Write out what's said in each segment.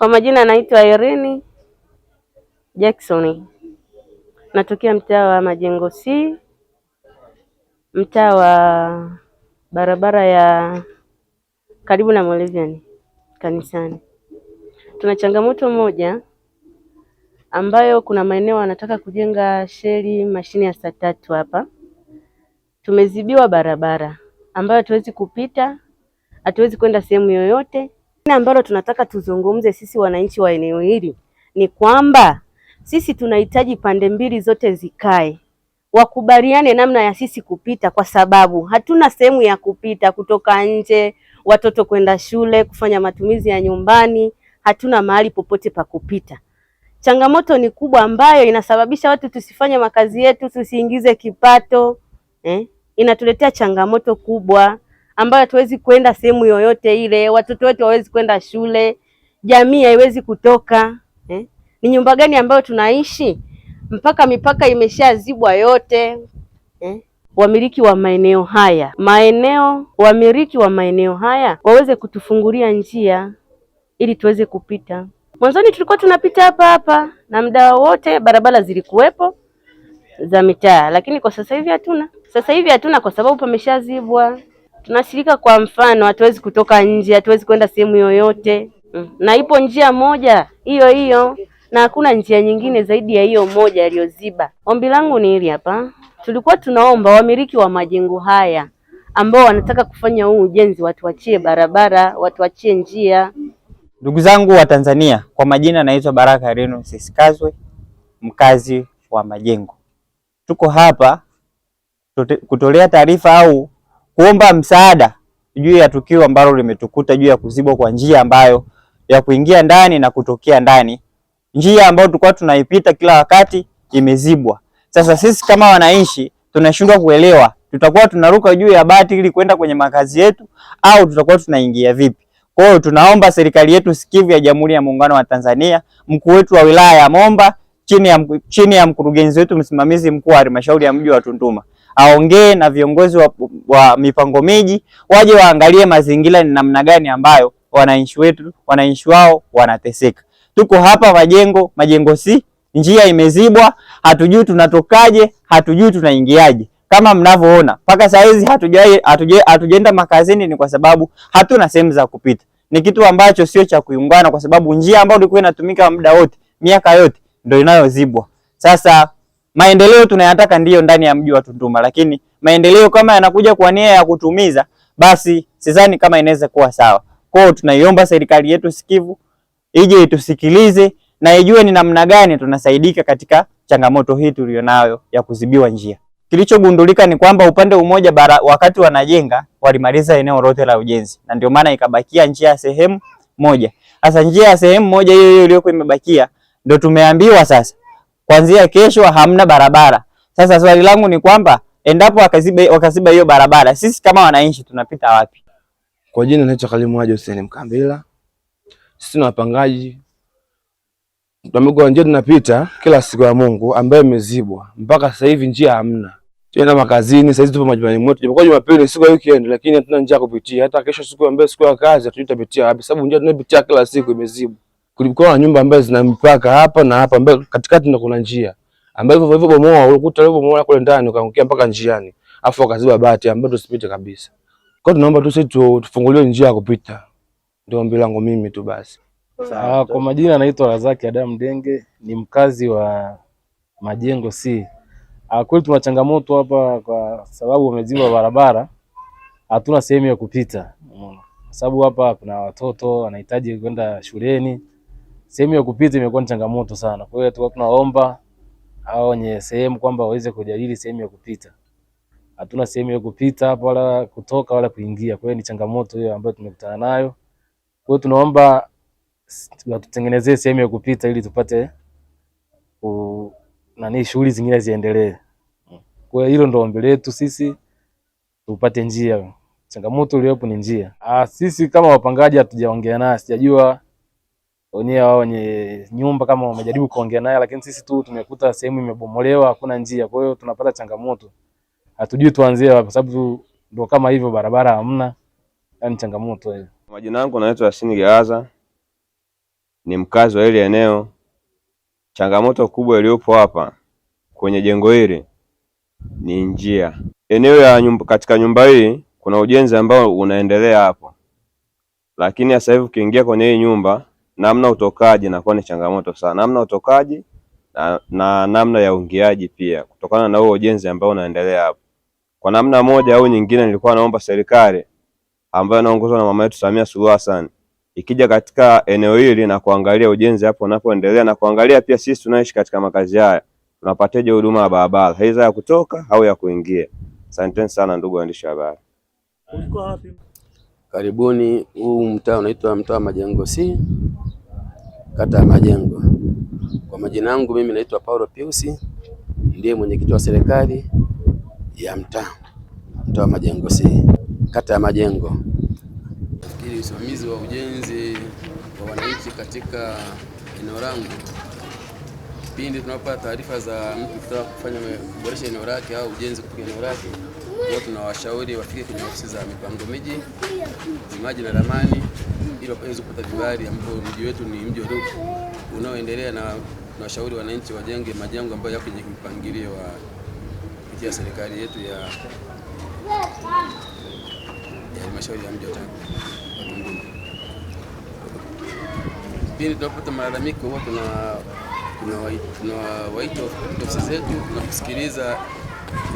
Kwa majina naitwa Irene Jackson, natokea mtaa wa Majengo C, mtaa wa barabara ya karibu na Moravian kanisani. Tuna changamoto moja ambayo kuna maeneo wanataka kujenga sheli mashine ya saa tatu hapa. Tumezibiwa barabara ambayo hatuwezi kupita, hatuwezi kwenda sehemu yoyote Ambalo tunataka tuzungumze sisi wananchi wa eneo hili ni kwamba sisi tunahitaji pande mbili zote zikae, wakubaliane namna ya sisi kupita, kwa sababu hatuna sehemu ya kupita, kutoka nje, watoto kwenda shule, kufanya matumizi ya nyumbani, hatuna mahali popote pa kupita. Changamoto ni kubwa ambayo inasababisha watu tusifanye makazi yetu, tusiingize kipato eh, inatuletea changamoto kubwa ambayo hatuwezi kwenda sehemu yoyote ile, watoto wetu hawezi kwenda shule, jamii haiwezi kutoka eh? Ni nyumba gani ambayo tunaishi mpaka mipaka imeshazibwa yote eh? Wamiliki wa maeneo haya maeneo, wamiliki wa maeneo haya waweze kutufungulia njia ili tuweze kupita. Mwanzoni tulikuwa tunapita hapa hapa na mda wote, barabara zilikuwepo za mitaa, lakini kwa sasa hivi hatuna. Sasa hivi hatuna kwa sababu pameshazibwa tunashirika. Kwa mfano, hatuwezi kutoka nje, hatuwezi kwenda sehemu yoyote, mm. na ipo njia moja hiyo hiyo, na hakuna njia nyingine zaidi ya hiyo moja aliyoziba. Ombi langu ni hili hapa, tulikuwa tunaomba wamiliki wa majengo haya ambao wanataka kufanya huu ujenzi watuachie barabara, watuachie njia. Ndugu zangu wa Tanzania, kwa majina naitwa Baraka reno sisikazwe mkazi wa Majengo. Tuko hapa kutolea taarifa au kuomba msaada juu ya tukio ambalo limetukuta juu ya kuzibwa kwa njia ambayo ya kuingia ndani na kutokea ndani, njia ambayo tulikuwa tunaipita kila wakati imezibwa. Sasa sisi kama wananchi tunashindwa kuelewa, tutakuwa tunaruka juu ya bati ili kwenda kwenye makazi yetu au tutakuwa tunaingia vipi? Kwa hiyo tunaomba serikali yetu sikivu ya Jamhuri ya Muungano wa Tanzania, mkuu wetu wa wilaya ya Momba chini ya, chini ya mkurugenzi wetu msimamizi mkuu wa halmashauri ya mji wa Tunduma aongee na viongozi wa, wa mipango miji waje waangalie mazingira ni namna gani ambayo wananchi wetu wananchi wao wanateseka. Tuko hapa majengo majengo, si njia imezibwa, hatujui tunatokaje, hatujui tunaingiaje. Kama mnavyoona mpaka saa hizi hatujaenda makazini, ni kwa sababu hatuna sehemu za kupita. Ni kitu ambacho sio cha kuungana, kwa sababu njia ambayo ilikuwa inatumika muda wote miaka yote ndio inayozibwa sasa maendeleo tunayataka ndiyo ndani ya mji wa Tunduma, lakini maendeleo kama yanakuja kwa nia ya kutumiza, basi sidhani kama inaweza kuwa sawa. Kwa hiyo tunaiomba serikali yetu sikivu ije itusikilize na ijue ni namna gani tunasaidika katika changamoto hii tuliyonayo ya kuzibiwa njia. Kilichogundulika ni kwamba upande mmoja bara, wakati wanajenga walimaliza eneo lote la ujenzi na ndio maana ikabakia njia ya sehemu moja. Sasa njia ya sehemu moja hiyo hiyo iliyokuwa imebakia ndio tumeambiwa sasa kuanzia kesho hamna barabara. Sasa swali langu ni kwamba endapo wakaziba wakaziba hiyo barabara, sisi kama wananchi tunapita wapi? Kwa jina naitwa Kalimu Haji Hussein Mkambila. Sisi ni wapangaji njia tunapita kila siku ya Mungu ambayo imezibwa mpaka sasa hivi, njia hamna. tena makazini sasa hizi tupo majumbani mwetu, japokuwa Jumapili siku ya weekend, lakini hatuna njia kupitia. Hata kesho siku ambayo siku ya kazi, tutapitia wapi? Sababu njia tunayopitia kila siku imezibwa kulikuwa na nyumba ambazo zina mipaka hapa na hapa, ambapo katikati ndio kuna njia ambayo hivyo hivyo bomoa ulikuta leo bomoa kule ndani ukaangukia mpaka njiani, afu akaziba bati ambayo tusipite kabisa. Kwa tunaomba tu sisi tufunguliwe njia ya kupita, ndio ombi langu mimi tu basi. Sawa. Ah, kwa majina anaitwa Razaki Adam Denge, ni mkazi wa Majengo C. Ah, kweli tuna changamoto hapa kwa sababu wamezima barabara, hatuna sehemu ya kupita, umeona, sababu hapa kuna watoto wanahitaji kwenda shuleni sehemu ya kupita imekuwa ni changamoto sana. Kwa hiyo tulikuwa tunaomba hao wenye sehemu kwamba waweze kujadili sehemu ya kupita. Hatuna sehemu ya kupita hapo wala kutoka wala kuingia. Kwa hiyo ni changamoto hiyo ambayo tumekutana nayo. Kwa hiyo tunaomba watutengenezee sehemu ya kupita ili tupate u, nani shughuli zingine ziendelee. Kwa hiyo hilo ndio ombi letu sisi tupate njia. Changamoto iliyopo ni njia. Ah, sisi kama wapangaji hatujaongea naye, sijajua wenyewe wao wenye nyumba kama wamejaribu kuongea naye, lakini sisi tu tumekuta sehemu imebomolewa, hakuna njia. Kwa hiyo tunapata changamoto, hatujui tuanzie wapi, sababu ndio kama hivyo, barabara hamna, yani changamoto hiyo. Majina yangu naitwa Yasini Gaza, ni mkazi wa hili eneo. Changamoto kubwa iliyopo hapa kwenye jengo hili ni njia. Eneo ya nyumba, katika nyumba hii kuna ujenzi ambao unaendelea hapo, lakini sasa hivi ukiingia kwenye hii nyumba namna utokaji nakuwa ni changamoto sana, namna utokaji na, na namna ya uingiaji pia, kutokana na huo ujenzi ambao unaendelea hapo. Kwa namna moja au nyingine, nilikuwa naomba serikali ambayo inaongozwa na mama yetu Samia Suluhu Hassan ikija katika eneo hili na kuangalia ujenzi hapo unapoendelea na kuangalia pia sisi tunaishi katika makazi haya tunapateje huduma ya barabara aidha ya kutoka au ya kuingia. Asanteni sana ndugu waandishi wa habari. Karibuni. Huu mtaa unaitwa mtaa wa Majengo C kata ya Majengo. Kwa majina yangu mimi naitwa Paulo Piusi, ndiye mwenyekiti wa serikali ya mtaa mtaa wa Majengo si kata ya Majengo. Nafikiri usimamizi wa ujenzi wa wananchi katika eneo langu, pindi tunapata taarifa za mtu kutaka kufanya kuboresha eneo lake au ujenzi kupiga eneo lake kwa tunawashauri wafike kwenye ofisi za mipango miji, maji na ramani, ili waweze kupata vibali, ambapo mji wetu ni mji wetu unaoendelea, na tunawashauri wananchi wajenge majengo ambayo yako kwenye mpangilio wa kupitia serikali yetu ya halmashauri ya mji wa Tanga. Pili, tunapopata malalamiko huwa tunawaita ofisi zetu na kusikiliza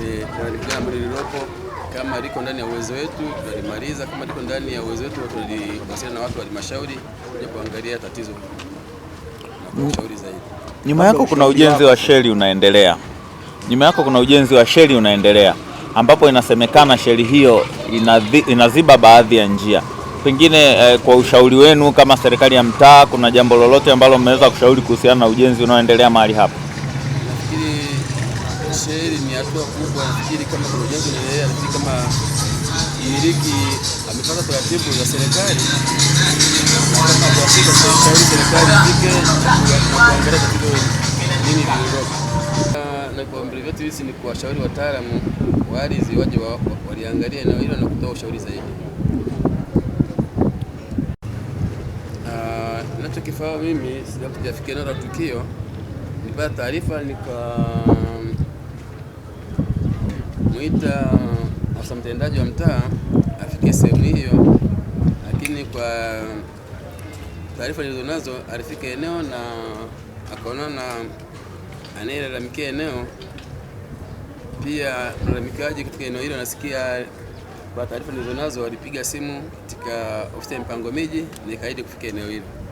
Eh, tunalifikia ambalo lililopo, kama liko ndani ya uwezo wetu tunalimaliza, kama liko ndani ya uwezo wetu tunawasiliana na watu wa halmashauri kuja kuangalia tatizo na kushauri zaidi. Nyuma yako kuna ujenzi wa sheli unaendelea, nyuma yako kuna ujenzi wa sheli unaendelea, ambapo inasemekana sheli hiyo inazi, inaziba baadhi ya njia pengine eh, kwa ushauri wenu kama serikali ya mtaa, kuna jambo lolote ambalo mmeweza kushauri kuhusiana na ujenzi unaoendelea mahali hapa? sheri ni hatua kubwa. Nafikiri kama kuna ujenzi unaendelea, nafikiri kama iliki amepata taratibu za serikali serikali ifike kuangalia tatizo nini Na kwa mbele yetu hizi ni kuwashauri wataalamu wa ardhi waje waliangalia eneo hilo na kutoa ushauri zaidi. Ah, Nachokifahamu mimi sijafikia eneo la tukio, nipata taarifa nika kumwita uh, afisa mtendaji wa mtaa afike sehemu hiyo, lakini kwa taarifa nazo alifika eneo na akaonana na anayelalamikia eneo. Pia mlalamikaji katika eneo hilo anasikia kwa taarifa nazo alipiga simu katika ofisi ya mpango miji na kufika eneo hilo.